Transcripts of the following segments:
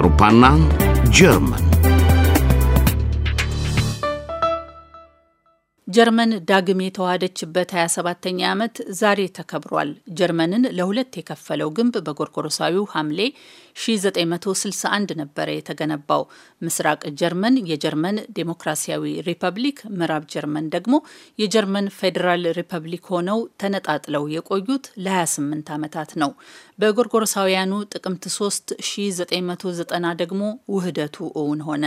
Rupanang, Jerman. ጀርመን ዳግም የተዋሃደችበት 27ተኛ ዓመት ዛሬ ተከብሯል። ጀርመንን ለሁለት የከፈለው ግንብ በጎርጎሮሳዊው ሐምሌ 1961 ነበረ የተገነባው። ምስራቅ ጀርመን የጀርመን ዴሞክራሲያዊ ሪፐብሊክ፣ ምዕራብ ጀርመን ደግሞ የጀርመን ፌዴራል ሪፐብሊክ ሆነው ተነጣጥለው የቆዩት ለ28 ዓመታት ነው። በጎርጎሮሳውያኑ ጥቅምት 3 1990 ደግሞ ውህደቱ እውን ሆነ።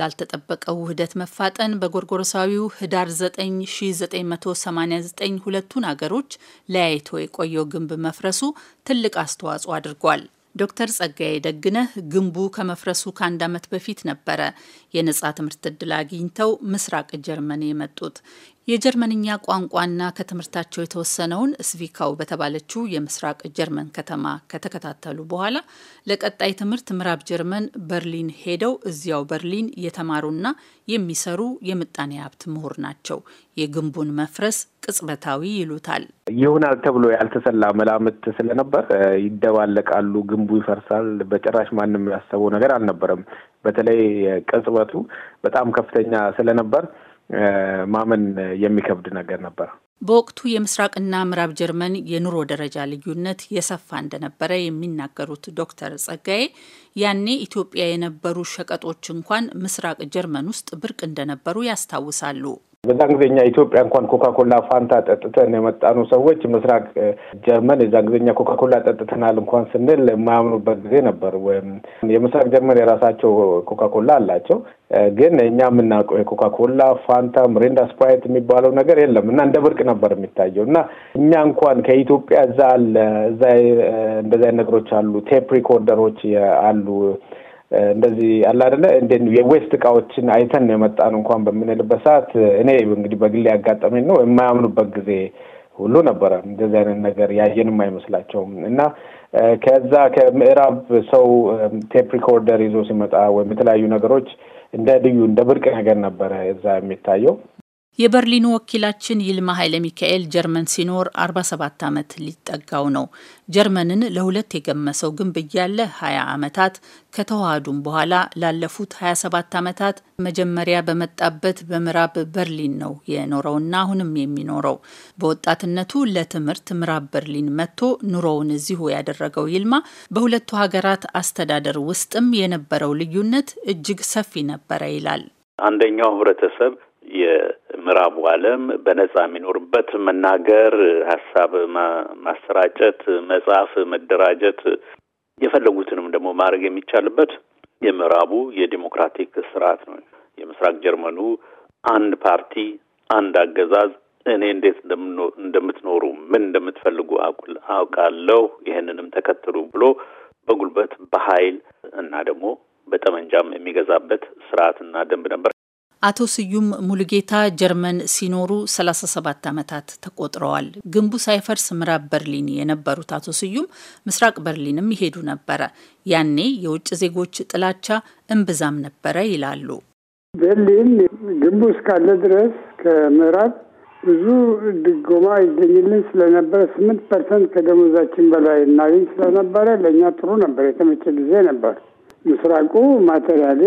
ላልተጠበቀው ውህደት መፋጠን በጎርጎሮሳዊው ህዳር 9 1989 ሁለቱን አገሮች ለያይቶ የቆየው ግንብ መፍረሱ ትልቅ አስተዋጽኦ አድርጓል። ዶክተር ጸጋዬ ደግነህ ግንቡ ከመፍረሱ ከአንድ ዓመት በፊት ነበረ የነጻ ትምህርት ዕድል አግኝተው ምስራቅ ጀርመን የመጡት። የጀርመንኛ ቋንቋና ከትምህርታቸው የተወሰነውን ስቪካው በተባለችው የምስራቅ ጀርመን ከተማ ከተከታተሉ በኋላ ለቀጣይ ትምህርት ምዕራብ ጀርመን በርሊን ሄደው እዚያው በርሊን የተማሩና የሚሰሩ የምጣኔ ሀብት ምሁር ናቸው። የግንቡን መፍረስ ቅጽበታዊ ይሉታል። ይሆናል ተብሎ ያልተሰላ መላምት ስለነበር ይደባለቃሉ፣ ግንቡ ይፈርሳል፣ በጭራሽ ማንም ያሰበው ነገር አልነበረም። በተለይ ቅጽበቱ በጣም ከፍተኛ ስለነበር ማመን የሚከብድ ነገር ነበር። በወቅቱ የምስራቅና ምዕራብ ጀርመን የኑሮ ደረጃ ልዩነት የሰፋ እንደነበረ የሚናገሩት ዶክተር ጸጋዬ ያኔ ኢትዮጵያ የነበሩ ሸቀጦች እንኳን ምስራቅ ጀርመን ውስጥ ብርቅ እንደነበሩ ያስታውሳሉ። በዛን ጊዜ እኛ ኢትዮጵያ እንኳን ኮካኮላ ፋንታ ጠጥተን የመጣኑ ሰዎች ምስራቅ ጀርመን የዛን ጊዜ እኛ ኮካኮላ ጠጥተናል እንኳን ስንል የማያምኑበት ጊዜ ነበር። ወይም የምስራቅ ጀርመን የራሳቸው ኮካኮላ አላቸው፣ ግን እኛ የምናውቀው የኮካኮላ ፋንታ፣ ምሬንዳ፣ ስፕራይት የሚባለው ነገር የለም እና እንደ ብርቅ ነበር የሚታየው እና እኛ እንኳን ከኢትዮጵያ እዛ አለ እዛ እንደዚ ነገሮች አሉ ቴፕ ሪኮርደሮች አሉ እንደዚህ አለ አደለ የዌስት እቃዎችን አይተን የመጣን እንኳን በምንልበት ሰዓት እኔ እንግዲህ በግሌ ያጋጠመኝ ነው የማያምኑበት ጊዜ ሁሉ ነበረ። እንደዚህ አይነት ነገር ያየንም አይመስላቸውም። እና ከዛ ከምዕራብ ሰው ቴፕ ሪኮርደር ይዞ ሲመጣ ወይም የተለያዩ ነገሮች እንደ ልዩ እንደ ብርቅ ነገር ነበረ እዛ የሚታየው። የበርሊኑ ወኪላችን ይልማ ኃይለ ሚካኤል ጀርመን ሲኖር 47 ዓመት ሊጠጋው ነው። ጀርመንን ለሁለት የገመሰው ግንብ እያለ 20 ዓመታት ከተዋሃዱም በኋላ ላለፉት 27 ዓመታት መጀመሪያ በመጣበት በምዕራብ በርሊን ነው የኖረውና አሁንም የሚኖረው። በወጣትነቱ ለትምህርት ምዕራብ በርሊን መጥቶ ኑሮውን እዚሁ ያደረገው ይልማ በሁለቱ ሀገራት አስተዳደር ውስጥም የነበረው ልዩነት እጅግ ሰፊ ነበረ ይላል። አንደኛው ህብረተሰብ የምዕራቡ ዓለም በነጻ የሚኖርበት መናገር፣ ሀሳብ ማሰራጨት፣ መጻፍ፣ መደራጀት የፈለጉትንም ደግሞ ማድረግ የሚቻልበት የምዕራቡ የዲሞክራቲክ ስርዓት ነው። የምስራቅ ጀርመኑ አንድ ፓርቲ፣ አንድ አገዛዝ እኔ እንዴት እንደምትኖሩ ምን እንደምትፈልጉ አውቃለሁ፣ ይህንንም ተከተሉ ብሎ በጉልበት በኃይል እና ደግሞ በጠመንጃም የሚገዛበት ስርዓትና ደንብ ነበር። አቶ ስዩም ሙሉጌታ ጀርመን ሲኖሩ 37 ዓመታት ተቆጥረዋል። ግንቡ ሳይፈርስ ምዕራብ በርሊን የነበሩት አቶ ስዩም ምስራቅ በርሊንም ይሄዱ ነበረ። ያኔ የውጭ ዜጎች ጥላቻ እምብዛም ነበረ ይላሉ። በርሊን ግንቡ እስካለ ድረስ ከምዕራብ ብዙ ድጎማ ይገኝልን ስለነበረ ስምንት ፐርሰንት ከደሞዛችን በላይ እናገኝ ስለነበረ ለእኛ ጥሩ ነበር፣ የተመቸ ጊዜ ነበር። ምስራቁ ማቴሪያል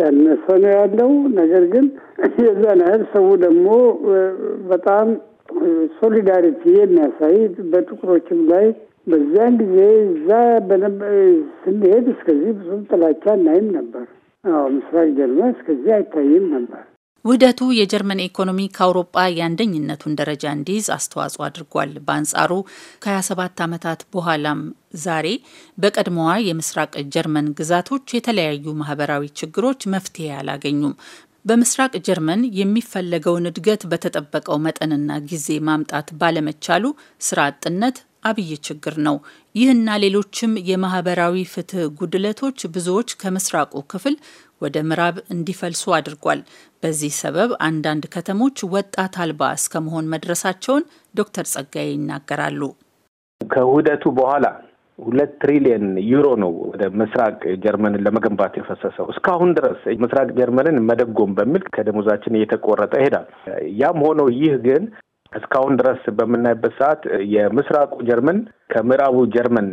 ያነሰ ነው ያለው። ነገር ግን የዛን ያህል ሰው ደግሞ በጣም ሶሊዳሪቲ የሚያሳይ በጥቁሮችም ላይ በዚያን ጊዜ እዛ ስንሄድ እስከዚህ ብዙም ጥላቻ እናይም ነበር። ምስራቅ ጀርመን እስከዚህ አይታይም ነበር። ውህደቱ የጀርመን ኢኮኖሚ ከአውሮጳ የአንደኝነቱን ደረጃ እንዲይዝ አስተዋጽኦ አድርጓል። በአንጻሩ ከ27 ዓመታት በኋላም ዛሬ በቀድሞዋ የምስራቅ ጀርመን ግዛቶች የተለያዩ ማህበራዊ ችግሮች መፍትሄ አላገኙም። በምስራቅ ጀርመን የሚፈለገውን እድገት በተጠበቀው መጠንና ጊዜ ማምጣት ባለመቻሉ ስራ አጥነት አብይ ችግር ነው። ይህና ሌሎችም የማህበራዊ ፍትህ ጉድለቶች ብዙዎች ከምስራቁ ክፍል ወደ ምዕራብ እንዲፈልሱ አድርጓል። በዚህ ሰበብ አንዳንድ ከተሞች ወጣት አልባ እስከመሆን መድረሳቸውን ዶክተር ጸጋዬ ይናገራሉ። ከውህደቱ በኋላ ሁለት ትሪሊየን ዩሮ ነው ወደ ምስራቅ ጀርመንን ለመገንባት የፈሰሰው። እስካሁን ድረስ ምስራቅ ጀርመንን መደጎም በሚል ከደሞዛችን እየተቆረጠ ይሄዳል። ያም ሆኖ ይህ ግን እስካሁን ድረስ በምናይበት ሰዓት የምስራቁ ጀርመን ከምዕራቡ ጀርመን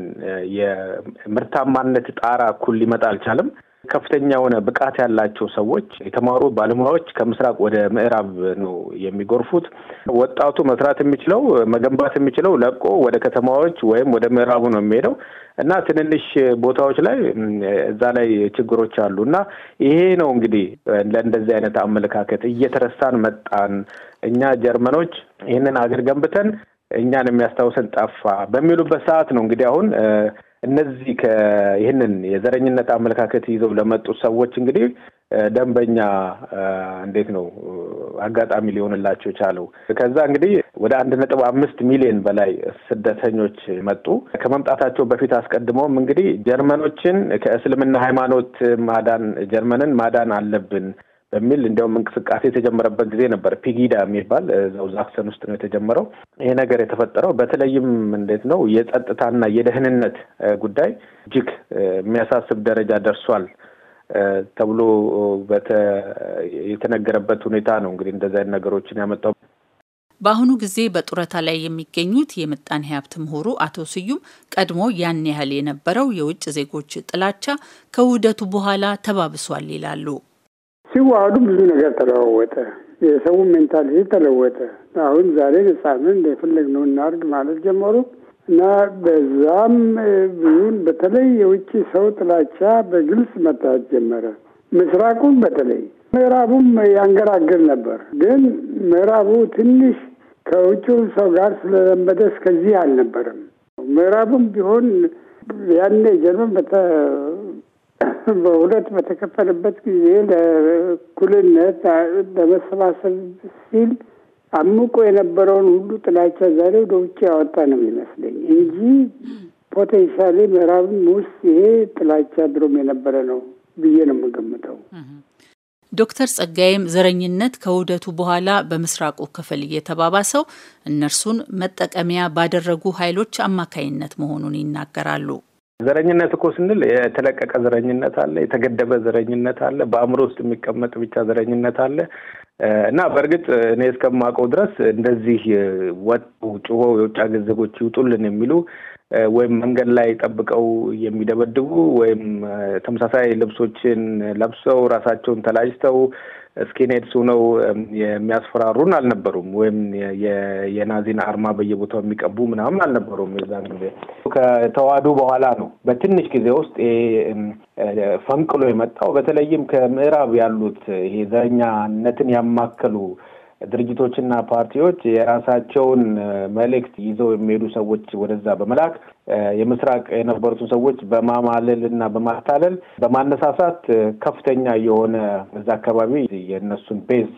የምርታማነት ጣራ እኩል ሊመጣ አልቻለም። ከፍተኛ የሆነ ብቃት ያላቸው ሰዎች፣ የተማሩ ባለሙያዎች ከምስራቅ ወደ ምዕራብ ነው የሚጎርፉት። ወጣቱ መስራት የሚችለው መገንባት የሚችለው ለቆ ወደ ከተማዎች ወይም ወደ ምዕራቡ ነው የሚሄደው እና ትንንሽ ቦታዎች ላይ እዛ ላይ ችግሮች አሉ እና ይሄ ነው እንግዲህ ለእንደዚህ አይነት አመለካከት እየተረሳን መጣን። እኛ ጀርመኖች ይህንን አገር ገንብተን እኛን የሚያስታውሰን ጠፋ በሚሉበት ሰዓት ነው እንግዲህ አሁን እነዚህ ይህንን የዘረኝነት አመለካከት ይዘው ለመጡት ሰዎች እንግዲህ ደንበኛ እንዴት ነው አጋጣሚ ሊሆንላቸው ቻለው ከዛ እንግዲህ ወደ አንድ ነጥብ አምስት ሚሊዮን በላይ ስደተኞች መጡ። ከመምጣታቸው በፊት አስቀድመውም እንግዲህ ጀርመኖችን ከእስልምና ሃይማኖት ማዳን ጀርመንን ማዳን አለብን በሚል እንዲያውም እንቅስቃሴ የተጀመረበት ጊዜ ነበር። ፒጊዳ የሚባል እዛው ዛክሰን ውስጥ ነው የተጀመረው። ይሄ ነገር የተፈጠረው በተለይም እንዴት ነው የጸጥታና የደህንነት ጉዳይ እጅግ የሚያሳስብ ደረጃ ደርሷል ተብሎ የተነገረበት ሁኔታ ነው። እንግዲህ እንደዚህ አይነት ነገሮችን ያመጣው በአሁኑ ጊዜ በጡረታ ላይ የሚገኙት የምጣኔ ሀብት ምሁሩ አቶ ስዩም ቀድሞ ያን ያህል የነበረው የውጭ ዜጎች ጥላቻ ከውህደቱ በኋላ ተባብሷል ይላሉ። ሲዋሃዱ ብዙ ነገር ተለዋወጠ። የሰው ሜንታሊቲ ተለወጠ። አሁን ዛሬ ነጻንን ነው እናርግ ማለት ጀመሩ እና በዛም ብዙን በተለይ የውጭ ሰው ጥላቻ በግልጽ መታየት ጀመረ። ምስራቁን በተለይ ምዕራቡም ያንገራግር ነበር፣ ግን ምዕራቡ ትንሽ ከውጭ ሰው ጋር ስለለመደ እስከዚህ አልነበረም። ምዕራቡም ቢሆን ያኔ ጀርመን በሁለት በተከፈለበት ጊዜ ለእኩልነት ለመሰባሰብ ሲል አምቆ የነበረውን ሁሉ ጥላቻ ዛሬ ወደ ውጭ ያወጣ ነው የሚመስለኝ እንጂ ፖቴንሻሊ ምዕራብም ውስጥ ይሄ ጥላቻ ድሮም የነበረ ነው ብዬ ነው የምገምተው። ዶክተር ጸጋይም ዘረኝነት ከውህደቱ በኋላ በምስራቁ ክፍል እየተባባሰው እነርሱን መጠቀሚያ ባደረጉ ኃይሎች አማካይነት መሆኑን ይናገራሉ። ዘረኝነት እኮ ስንል የተለቀቀ ዘረኝነት አለ፣ የተገደበ ዘረኝነት አለ፣ በአእምሮ ውስጥ የሚቀመጥ ብቻ ዘረኝነት አለ እና በእርግጥ እኔ እስከማውቀው ድረስ እንደዚህ ወጡ ጩሆ የውጭ ሀገር ዜጎች ይውጡልን የሚሉ ወይም መንገድ ላይ ጠብቀው የሚደበድቡ ወይም ተመሳሳይ ልብሶችን ለብሰው ራሳቸውን ተላጅተው። ስኪንሄድስ ሆነው የሚያስፈራሩን አልነበሩም። ወይም የናዚን አርማ በየቦታው የሚቀቡ ምናምን አልነበሩም። የዛን ጊዜ ከተዋህዶ በኋላ ነው በትንሽ ጊዜ ውስጥ ፈንቅሎ የመጣው። በተለይም ከምዕራብ ያሉት ይሄ ዘረኛነትን ያማከሉ ድርጅቶችና ፓርቲዎች የራሳቸውን መልእክት ይዘው የሚሄዱ ሰዎች ወደዛ በመላክ የምስራቅ የነበሩትን ሰዎች በማማለል እና በማታለል በማነሳሳት ከፍተኛ የሆነ እዛ አካባቢ የእነሱን ቤዝ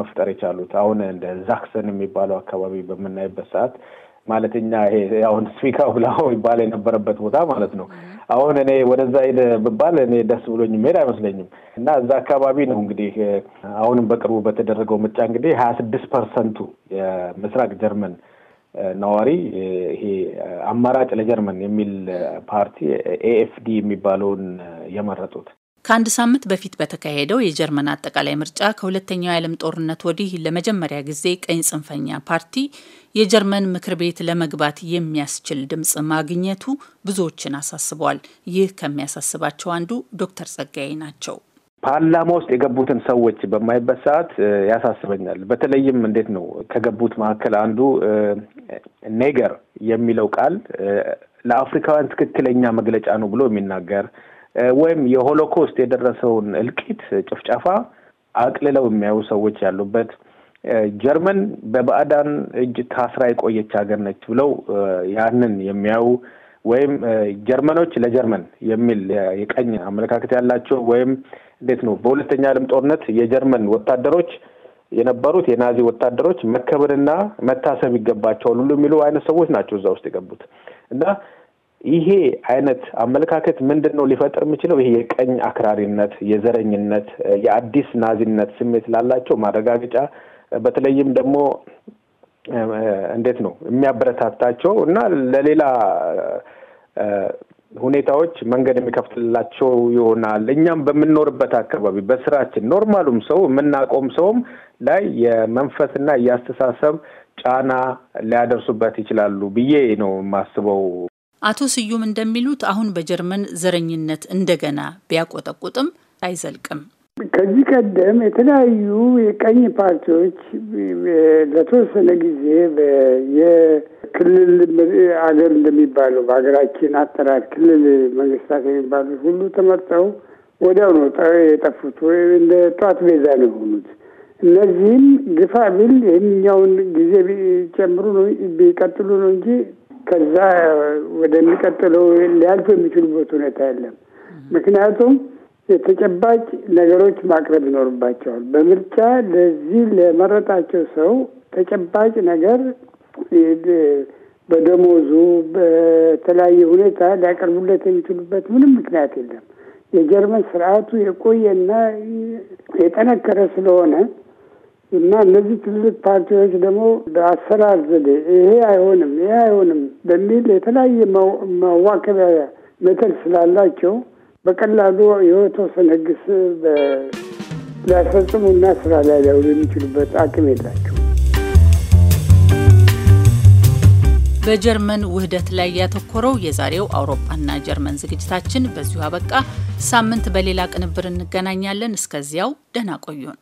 መፍጠር የቻሉት አሁን እንደ ዛክሰን የሚባለው አካባቢ በምናይበት ሰዓት ማለት ይሄ አሁን ስፒካ ብላው ይባል የነበረበት ቦታ ማለት ነው። አሁን እኔ ወደዛ ሄደ ብባል እኔ ደስ ብሎኝ መሄድ አይመስለኝም። እና እዛ አካባቢ ነው እንግዲህ አሁንም በቅርቡ በተደረገው ምርጫ እንግዲህ ሀያ ስድስት ፐርሰንቱ የምስራቅ ጀርመን ነዋሪ ይሄ አማራጭ ለጀርመን የሚል ፓርቲ ኤኤፍዲ የሚባለውን የመረጡት ከአንድ ሳምንት በፊት በተካሄደው የጀርመን አጠቃላይ ምርጫ ከሁለተኛው የዓለም ጦርነት ወዲህ ለመጀመሪያ ጊዜ ቀኝ ጽንፈኛ ፓርቲ የጀርመን ምክር ቤት ለመግባት የሚያስችል ድምፅ ማግኘቱ ብዙዎችን አሳስበዋል። ይህ ከሚያሳስባቸው አንዱ ዶክተር ጸጋዬ ናቸው። ፓርላማ ውስጥ የገቡትን ሰዎች በማይበት ሰዓት ያሳስበኛል። በተለይም እንዴት ነው ከገቡት መካከል አንዱ ኔገር የሚለው ቃል ለአፍሪካውያን ትክክለኛ መግለጫ ነው ብሎ የሚናገር ወይም የሆሎኮስት የደረሰውን እልቂት ጭፍጨፋ አቅልለው የሚያዩ ሰዎች ያሉበት ጀርመን በባዕዳን እጅ ታስራ የቆየች ሀገር ነች ብለው ያንን የሚያዩ ወይም ጀርመኖች ለጀርመን የሚል የቀኝ አመለካከት ያላቸው ወይም እንዴት ነው በሁለተኛ ዓለም ጦርነት የጀርመን ወታደሮች የነበሩት የናዚ ወታደሮች መከበርና መታሰብ ይገባቸዋል ሁሉ የሚሉ አይነት ሰዎች ናቸው እዛ ውስጥ የገቡት እና ይሄ አይነት አመለካከት ምንድን ነው ሊፈጥር የሚችለው? ይሄ የቀኝ አክራሪነት፣ የዘረኝነት፣ የአዲስ ናዚነት ስሜት ላላቸው ማረጋገጫ በተለይም ደግሞ እንዴት ነው የሚያበረታታቸው እና ለሌላ ሁኔታዎች መንገድ የሚከፍትላቸው ይሆናል። እኛም በምንኖርበት አካባቢ በስራችን ኖርማሉም ሰው የምናቆም ሰውም ላይ የመንፈስና የአስተሳሰብ ጫና ሊያደርሱበት ይችላሉ ብዬ ነው የማስበው። አቶ ስዩም እንደሚሉት አሁን በጀርመን ዘረኝነት እንደገና ቢያቆጠቁጥም አይዘልቅም። ከዚህ ቀደም የተለያዩ የቀኝ ፓርቲዎች ለተወሰነ ጊዜ የክልል አገር እንደሚባለው በሀገራችን አጠራር ክልል መንግስታት የሚባሉት ሁሉ ተመርጠው ወዲያው ነው የጠፉት፣ ወይም እንደ ጠዋት ቤዛ ነው የሆኑት። እነዚህም ግፋ ቢል ይህንኛውን ጊዜ ቢጨምሩ ነው ቢቀጥሉ ነው እንጂ ከዛ ወደሚቀጥለው ሊያልፉ የሚችሉበት ሁኔታ የለም። ምክንያቱም የተጨባጭ ነገሮች ማቅረብ ይኖርባቸዋል። በምርጫ ለዚህ ለመረጣቸው ሰው ተጨባጭ ነገር በደሞዙ በተለያየ ሁኔታ ሊያቀርቡለት የሚችሉበት ምንም ምክንያት የለም። የጀርመን ስርዓቱ የቆየና የጠነከረ ስለሆነ እና እነዚህ ትልልቅ ፓርቲዎች ደግሞ በአሰራር ዘዴ ይሄ አይሆንም ይሄ አይሆንም በሚል የተለያየ ማዋከቢያ መተል ስላላቸው በቀላሉ የተወሰነ ሊያስፈጽሙ እና ስራ ላይ ሊያውሉ የሚችሉበት አቅም የላቸው። በጀርመን ውህደት ላይ ያተኮረው የዛሬው አውሮፓና ጀርመን ዝግጅታችን በዚሁ አበቃ። ሳምንት በሌላ ቅንብር እንገናኛለን። እስከዚያው ደህና ቆዩን።